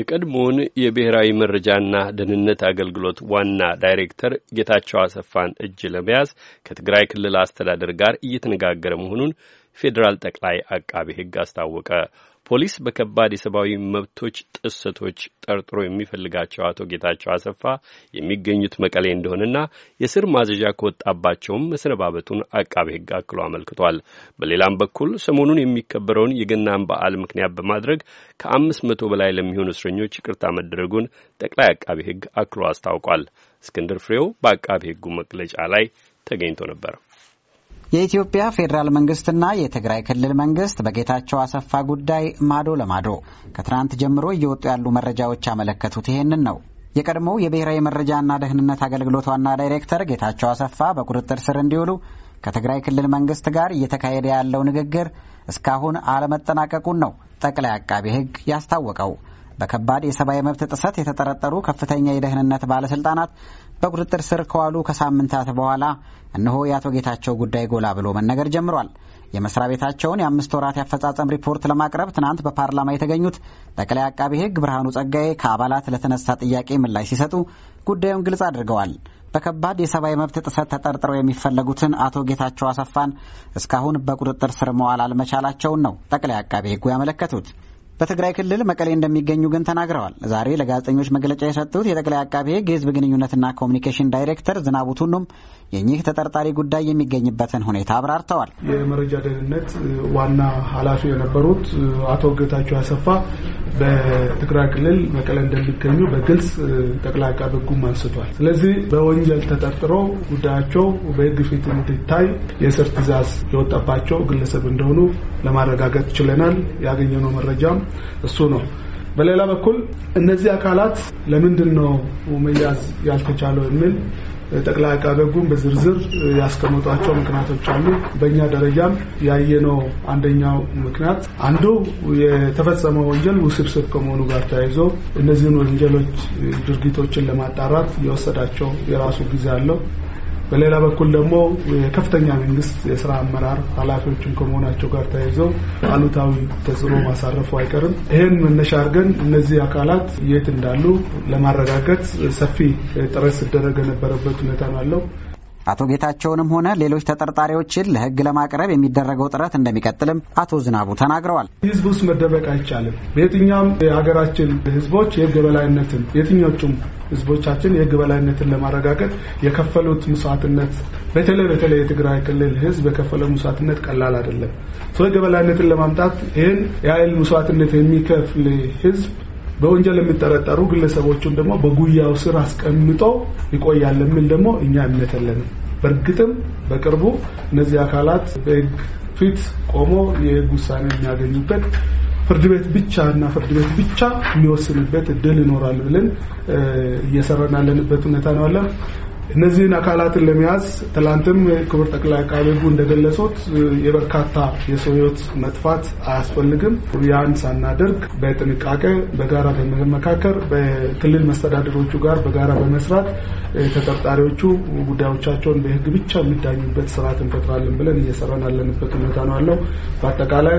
የቀድሞውን የብሔራዊ መረጃና ደህንነት አገልግሎት ዋና ዳይሬክተር ጌታቸው አሰፋን እጅ ለመያዝ ከትግራይ ክልል አስተዳደር ጋር እየተነጋገረ መሆኑን ፌዴራል ጠቅላይ አቃቤ ሕግ አስታወቀ። ፖሊስ በከባድ የሰብአዊ መብቶች ጥሰቶች ጠርጥሮ የሚፈልጋቸው አቶ ጌታቸው አሰፋ የሚገኙት መቀሌ እንደሆነና የስር ማዘዣ ከወጣባቸውም መሰነባበቱን አቃቤ ሕግ አክሎ አመልክቷል። በሌላም በኩል ሰሞኑን የሚከበረውን የገናን በዓል ምክንያት በማድረግ ከአምስት መቶ በላይ ለሚሆኑ እስረኞች ይቅርታ መደረጉን ጠቅላይ አቃቤ ሕግ አክሎ አስታውቋል። እስክንድር ፍሬው በአቃቤ ሕጉ መግለጫ ላይ ተገኝቶ ነበር። የኢትዮጵያ ፌዴራል መንግስትና የትግራይ ክልል መንግስት በጌታቸው አሰፋ ጉዳይ ማዶ ለማዶ ከትናንት ጀምሮ እየወጡ ያሉ መረጃዎች ያመለከቱት ይሄንን ነው። የቀድሞው የብሔራዊ መረጃና ደህንነት አገልግሎት ዋና ዳይሬክተር ጌታቸው አሰፋ በቁጥጥር ስር እንዲውሉ ከትግራይ ክልል መንግስት ጋር እየተካሄደ ያለው ንግግር እስካሁን አለመጠናቀቁን ነው ጠቅላይ አቃቤ ሕግ ያስታወቀው። በከባድ የሰብአዊ መብት ጥሰት የተጠረጠሩ ከፍተኛ የደህንነት ባለስልጣናት በቁጥጥር ስር ከዋሉ ከሳምንታት በኋላ እነሆ የአቶ ጌታቸው ጉዳይ ጎላ ብሎ መነገር ጀምሯል። የመስሪያ ቤታቸውን የአምስት ወራት ያፈጻጸም ሪፖርት ለማቅረብ ትናንት በፓርላማ የተገኙት ጠቅላይ አቃቤ ሕግ ብርሃኑ ጸጋዬ ከአባላት ለተነሳ ጥያቄ ምላሽ ሲሰጡ ጉዳዩን ግልጽ አድርገዋል። በከባድ የሰብአዊ መብት ጥሰት ተጠርጥረው የሚፈለጉትን አቶ ጌታቸው አሰፋን እስካሁን በቁጥጥር ስር መዋል አልመቻላቸውን ነው ጠቅላይ አቃቤ ሕጉ ያመለከቱት። በትግራይ ክልል መቀሌ እንደሚገኙ ግን ተናግረዋል። ዛሬ ለጋዜጠኞች መግለጫ የሰጡት የጠቅላይ አቃቤ ሕግ የህዝብ ግንኙነትና ኮሚኒኬሽን ዳይሬክተር ዝናቡ ቱኑም የኚህ ተጠርጣሪ ጉዳይ የሚገኝበትን ሁኔታ አብራርተዋል። የመረጃ ደህንነት ዋና ኃላፊ የነበሩት አቶ ጌታቸው አሰፋ በትግራይ ክልል መቀለ እንደሚገኙ በግልጽ ጠቅላይ አቃቤ ሕጉም አንስቷል። ስለዚህ በወንጀል ተጠርጥሮ ጉዳያቸው በሕግ ፊት እንዲታይ የእስር ትእዛዝ የወጣባቸው ግለሰብ እንደሆኑ ለማረጋገጥ ችለናል። ያገኘነው መረጃም እሱ ነው። በሌላ በኩል እነዚህ አካላት ለምንድን ነው መያዝ ያልተቻለው የሚል ጠቅላይ አቃቤ ሕጉም በዝርዝር ያስቀመጧቸው ምክንያቶች አሉ። በእኛ ደረጃም ያየነው አንደኛው ምክንያት አንዱ የተፈጸመው ወንጀል ውስብስብ ከመሆኑ ጋር ተያይዞ እነዚህን ወንጀሎች ድርጊቶችን ለማጣራት የወሰዳቸው የራሱ ጊዜ አለው። በሌላ በኩል ደግሞ የከፍተኛ መንግስት የስራ አመራር ኃላፊዎችን ከመሆናቸው ጋር ተያይዘው አሉታዊ ተጽዕኖ ማሳረፉ አይቀርም። ይህን መነሻ አድርገን እነዚህ አካላት የት እንዳሉ ለማረጋገጥ ሰፊ ጥረት ሲደረግ የነበረበት ሁኔታ ነው ያለው። አቶ ጌታቸውንም ሆነ ሌሎች ተጠርጣሪዎችን ለህግ ለማቅረብ የሚደረገው ጥረት እንደሚቀጥልም አቶ ዝናቡ ተናግረዋል። ህዝብ ውስጥ መደበቅ አይቻልም። በየትኛውም የሀገራችን ህዝቦች የህግ በላይነትን የትኞቹም ህዝቦቻችን የህግ በላይነትን ለማረጋገጥ የከፈሉት መስዋዕትነት በተለይ በተለይ የትግራይ ክልል ህዝብ የከፈለው መስዋዕትነት ቀላል አይደለም። ሰው የህግ በላይነትን ለማምጣት ይህን የኃይል መስዋዕትነት የሚከፍል ህዝብ በወንጀል የሚጠረጠሩ ግለሰቦቹን ደግሞ በጉያው ስር አስቀምጦ ይቆያል የሚል ደግሞ እኛ እምነት የለንም። በእርግጥም በቅርቡ እነዚህ አካላት በህግ ፊት ቆሞ የህግ ውሳኔ የሚያገኙበት ፍርድ ቤት ብቻ እና ፍርድ ቤት ብቻ የሚወስንበት እድል ይኖራል ብለን እየሰራን ያለንበት ሁኔታ ነው አለ። እነዚህን አካላትን ለመያዝ ትላንትም ክቡር ጠቅላይ አቃቤ ሕጉ እንደገለጹት የበርካታ የሰው ሕይወት መጥፋት አያስፈልግም። ያን ሳናደርግ በጥንቃቄ በጋራ በመመካከር በክልል መስተዳደሮቹ ጋር በጋራ በመስራት ተጠርጣሪዎቹ ጉዳዮቻቸውን በህግ ብቻ የሚዳኙበት ስርዓት እንፈጥራለን ብለን እየሰራን ያለንበት ሁኔታ ነው ያለው። በአጠቃላይ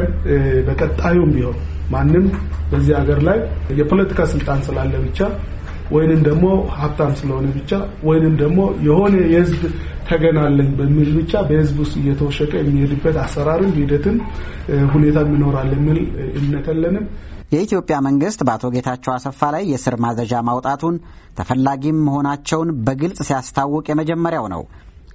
በቀጣዩም ቢሆን ማንም በዚህ ሀገር ላይ የፖለቲካ ስልጣን ስላለ ብቻ ወይንም ደግሞ ሀብታም ስለሆነ ብቻ ወይንም ደግሞ የሆነ የህዝብ ተገናለኝ በሚል ብቻ በህዝብ ውስጥ እየተወሸቀ የሚሄድበት አሰራርም ሂደትም ሁኔታ ይኖራል የሚል እምነት የለንም። የኢትዮጵያ መንግስት በአቶ ጌታቸው አሰፋ ላይ የስር ማዘዣ ማውጣቱን ተፈላጊም መሆናቸውን በግልጽ ሲያስታውቅ የመጀመሪያው ነው።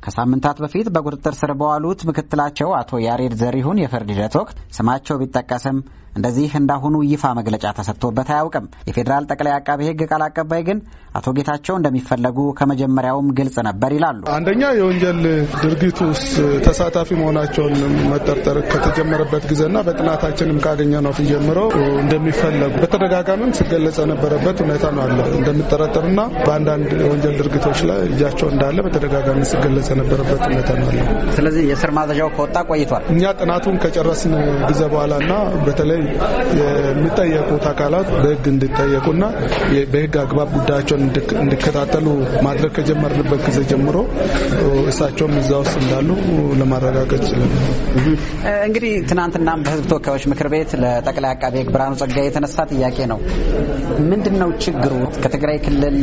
ከሳምንታት በፊት በቁጥጥር ስር በዋሉት ምክትላቸው አቶ ያሬድ ዘሪሁን የፍርድ ሂደት ወቅት ስማቸው ቢጠቀስም እንደዚህ እንዳሁኑ ይፋ መግለጫ ተሰጥቶበት አያውቅም። የፌዴራል ጠቅላይ አቃቤ ሕግ ቃል አቀባይ ግን አቶ ጌታቸው እንደሚፈለጉ ከመጀመሪያውም ግልጽ ነበር ይላሉ። አንደኛ የወንጀል ድርጊቱ ውስጥ ተሳታፊ መሆናቸውን መጠርጠር ከተጀመረበት ጊዜና በጥናታችንም ካገኘ ነው ጀምሮ እንደሚፈለጉ በተደጋጋሚም ሲገለጽ የነበረበት ሁኔታ ነው አለ እንደሚጠረጠርና በአንዳንድ የወንጀል ድርጊቶች ላይ እጃቸው እንዳለ በተደጋጋሚ ሲገለጽ የነበረበት ሁኔታ ነው አለ። ስለዚህ የስር ማዘዣው ከወጣ ቆይቷል። እኛ ጥናቱን ከጨረስን ጊዜ በኋላና በተለይ የሚጠየቁት አካላት በህግ እንዲጠየቁና በህግ አግባብ ጉዳያቸውን እንዲከታተሉ ማድረግ ከጀመርንበት ጊዜ ጀምሮ እሳቸውም እዛ ውስጥ እንዳሉ ለማረጋገጥ ችላል። እንግዲህ ትናንትናም በህዝብ ተወካዮች ምክር ቤት ለጠቅላይ አቃቤ ህግ ብርሃኑ ጸጋዬ የተነሳ ጥያቄ ነው። ምንድን ነው ችግሩ? ከትግራይ ክልል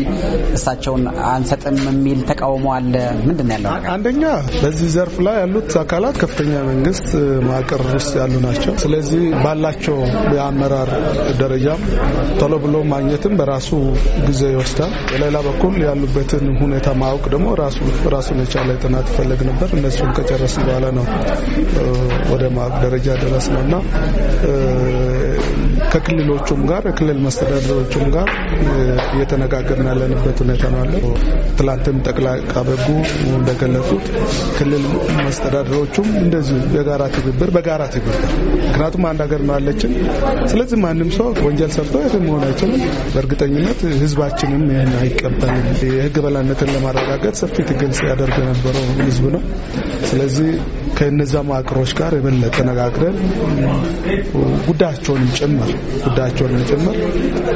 እሳቸውን አንሰጥም የሚል ተቃውሞ አለ። ምንድን ነው ያለው? አንደኛ በዚህ ዘርፍ ላይ ያሉት አካላት ከፍተኛ መንግስት መዋቅር ውስጥ ያሉ ናቸው። ስለዚህ ባላቸው በሚኖራቸው የአመራር ደረጃም ቶሎ ብሎ ማግኘትም በራሱ ጊዜ ይወስዳል። በሌላ በኩል ያሉበትን ሁኔታ ማወቅ ደግሞ ራሱን የቻለ ጥናት ይፈለግ ነበር። እነሱን ከጨረስን በኋላ ነው ወደ ማወቅ ደረጃ ደረስ ነው እና ከክልሎቹም ጋር ክልል መስተዳደሮቹም ጋር እየተነጋገርን ያለንበት ሁኔታ ነው አለ። ትላንትም ጠቅላይ ቃበጉ እንደገለጹት ክልል መስተዳደሮቹም እንደዚሁ የጋራ ትብብር በጋራ ትብብር ምክንያቱም አንድ ሀገር ነው ያለች አይችልም። ስለዚህ ማንም ሰው ወንጀል ሰርቶ መሆን አይችልም። በእርግጠኝነት ህዝባችንም ይህን አይቀበልም። የህግ በላይነትን ለማረጋገጥ ሰፊ ትግል ሲያደርግ የነበረው ህዝብ ነው። ስለዚህ ከነዛ መዋቅሮች ጋር የበለጠ ነጋግረን ጉዳያቸውንም ጭምር ጉዳያቸውንም ጭምር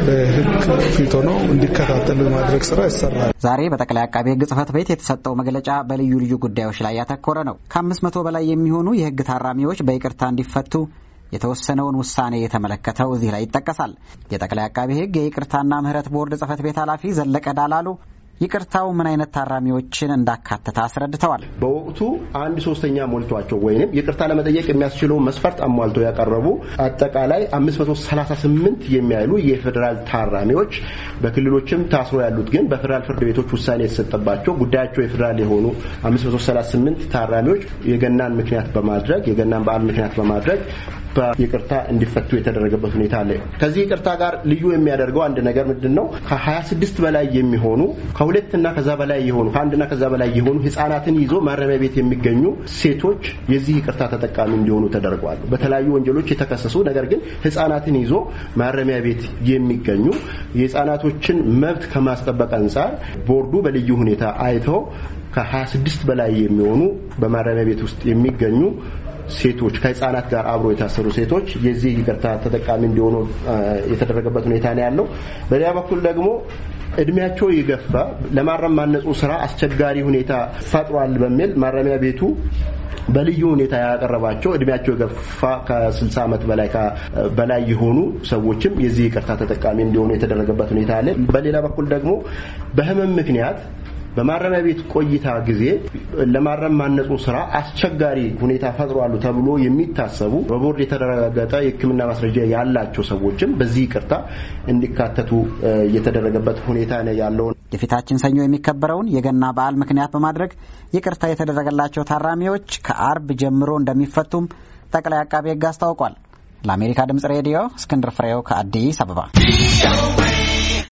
በህግ ፊት ሆኖ እንዲከታተል የማድረግ ስራ ይሰራል። ዛሬ በጠቅላይ አቃቤ ህግ ጽህፈት ቤት የተሰጠው መግለጫ በልዩ ልዩ ጉዳዮች ላይ ያተኮረ ነው። ከአምስት መቶ በላይ የሚሆኑ የህግ ታራሚዎች በይቅርታ እንዲፈቱ የተወሰነውን ውሳኔ የተመለከተው እዚህ ላይ ይጠቀሳል። የጠቅላይ አቃቤ ሕግ የይቅርታና ምህረት ቦርድ ጽህፈት ቤት ኃላፊ ዘለቀ ዳላሉ ይቅርታው ምን አይነት ታራሚዎችን እንዳካተተ አስረድተዋል። በወቅቱ አንድ ሶስተኛ ሞልቷቸው ወይም ይቅርታ ለመጠየቅ የሚያስችሉ መስፈርት አሟልተው ያቀረቡ አጠቃላይ 538 የሚያሉ የፌዴራል ታራሚዎች በክልሎችም ታስሮ ያሉት ግን በፌዴራል ፍርድ ቤቶች ውሳኔ የተሰጠባቸው ጉዳያቸው የፌዴራል የሆኑ 538 ታራሚዎች የገናን ምክንያት በማድረግ የገናን በዓል ምክንያት በማድረግ በይቅርታ እንዲፈቱ የተደረገበት ሁኔታ አለ። ከዚህ ይቅርታ ጋር ልዩ የሚያደርገው አንድ ነገር ምንድን ነው? ከ26 በላይ የሚሆኑ ከሁለትና ከዛ በላይ የሆኑ ከአንድና ከዛ በላይ የሆኑ ህጻናትን ይዞ ማረሚያ ቤት የሚገኙ ሴቶች የዚህ ይቅርታ ተጠቃሚ እንዲሆኑ ተደርጓል። በተለያዩ ወንጀሎች የተከሰሱ ነገር ግን ህጻናትን ይዞ ማረሚያ ቤት የሚገኙ የህጻናቶችን መብት ከማስጠበቅ አንጻር ቦርዱ በልዩ ሁኔታ አይተው ከ26 በላይ የሚሆኑ በማረሚያ ቤት ውስጥ የሚገኙ ሴቶች ከህፃናት ጋር አብሮ የታሰሩ ሴቶች የዚህ ይቅርታ ተጠቃሚ እንዲሆኑ የተደረገበት ሁኔታ ነው ያለው። በሌላ በኩል ደግሞ እድሜያቸው የገፋ ለማረም ማነጹ ስራ አስቸጋሪ ሁኔታ ፈጥሯል በሚል ማረሚያ ቤቱ በልዩ ሁኔታ ያቀረባቸው እድሜያቸው የገፋ ከ60 ዓመት በላይ በላይ የሆኑ ሰዎችም የዚህ ይቅርታ ተጠቃሚ እንዲሆኑ የተደረገበት ሁኔታ አለ። በሌላ በኩል ደግሞ በህመም ምክንያት በማረሚያ ቤት ቆይታ ጊዜ ለማረም ማነጹ ስራ አስቸጋሪ ሁኔታ ፈጥሯሉ ተብሎ የሚታሰቡ በቦርድ የተረጋገጠ የሕክምና ማስረጃ ያላቸው ሰዎችም በዚህ ይቅርታ እንዲካተቱ የተደረገበት ሁኔታ ነው ያለውን የፊታችን ሰኞ የሚከበረውን የገና በዓል ምክንያት በማድረግ ይቅርታ የተደረገላቸው ታራሚዎች ከአርብ ጀምሮ እንደሚፈቱም ጠቅላይ አቃቤ ሕግ አስታውቋል። ለአሜሪካ ድምጽ ሬዲዮ እስክንድር ፍሬው ከአዲስ አበባ